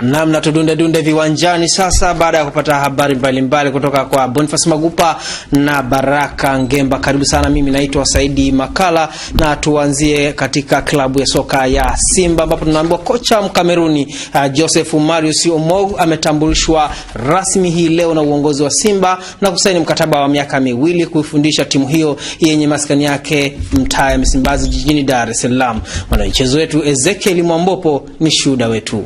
Namna tudunde dunde viwanjani sasa, baada ya kupata habari mbalimbali mbali kutoka kwa bonifas Magupa na Baraka Ngemba. Karibu sana, mimi naitwa Saidi Makala na tuanzie katika klabu ya soka ya Simba ambapo tunaambiwa kocha Mkameruni uh, Joseph Marius Omog ametambulishwa rasmi hii leo na uongozi wa Simba na kusaini mkataba wa miaka miwili kuifundisha timu hiyo yenye maskani yake mtaa ya Msimbazi jijini Dar es Salaam. Mwanamichezo wetu Ezekiel Mwambopo ni shuhuda wetu.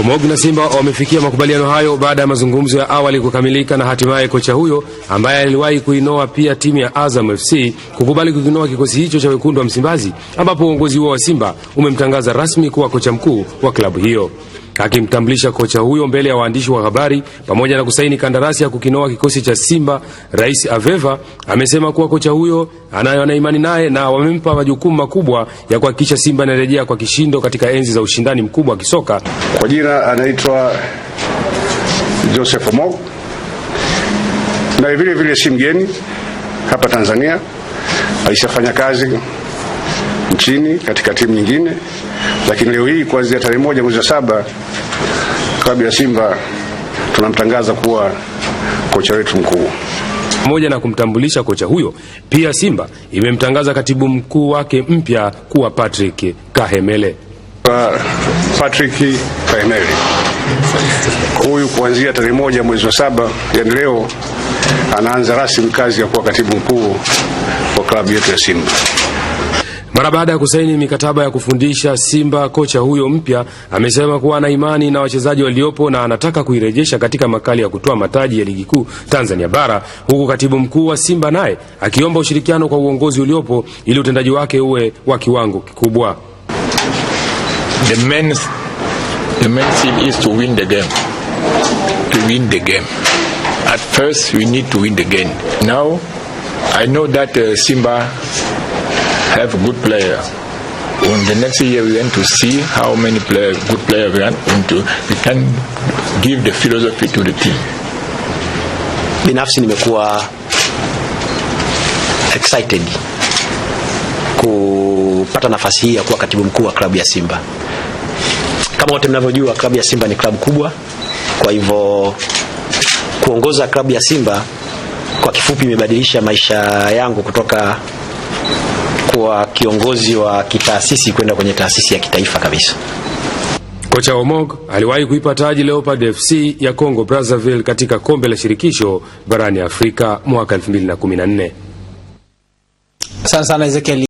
Omog na Simba wamefikia makubaliano hayo baada ya mazungumzo ya awali kukamilika na hatimaye kocha huyo ambaye aliwahi kuinoa pia timu ya Azam FC kukubali kukinoa kikosi hicho cha wekundu wa Msimbazi, ambapo uongozi huo wa Simba umemtangaza rasmi kuwa kocha mkuu wa klabu hiyo. Akimtambulisha kocha huyo mbele ya waandishi wa habari pamoja na kusaini kandarasi ya kukinoa kikosi cha Simba, Rais Aveva amesema kuwa kocha huyo anayo imani naye na wamempa majukumu makubwa ya kuhakikisha Simba inarejea kwa kishindo katika enzi za ushindani mkubwa wa kisoka. Kwa jina anaitwa Joseph Mo na vile vile si mgeni hapa Tanzania, alishafanya kazi nchini katika timu nyingine, lakini leo hii kuanzia tarehe moja mwezi wa saba klabu ya Simba tunamtangaza kuwa kocha wetu mkuu. Pamoja na kumtambulisha kocha huyo, pia Simba imemtangaza katibu mkuu wake mpya kuwa Patrick Kahemele. Ah, Patrick Kahemele huyu kuanzia tarehe moja mwezi wa saba, yani leo, anaanza rasmi kazi ya kuwa katibu mkuu wa klabu yetu ya Simba. Mara baada ya kusaini mikataba ya kufundisha Simba, kocha huyo mpya amesema kuwa ana imani na wachezaji waliopo na anataka kuirejesha katika makali ya kutoa mataji ya ligi kuu Tanzania Bara, huku katibu mkuu wa Simba naye akiomba ushirikiano kwa uongozi uliopo ili utendaji wake uwe wa kiwango kikubwa have good player. In the next year, we want to see how many player, good players we, want to, we can give the philosophy to the team. Binafsi nimekuwa excited kupata nafasi hii ya kuwa katibu mkuu wa klabu ya Simba. Kama wote mnavyojua, klabu ya Simba ni klabu kubwa, kwa hivyo kuongoza klabu ya Simba kwa kifupi imebadilisha maisha yangu kutoka kuwa kiongozi wa kitaasisi kwenda kwenye taasisi ya kitaifa kabisa. Kocha Omog aliwahi kuipa taji Leopard FC ya Congo Brazzaville katika kombe la shirikisho barani Afrika mwaka 2014. Sana sana Ezekiel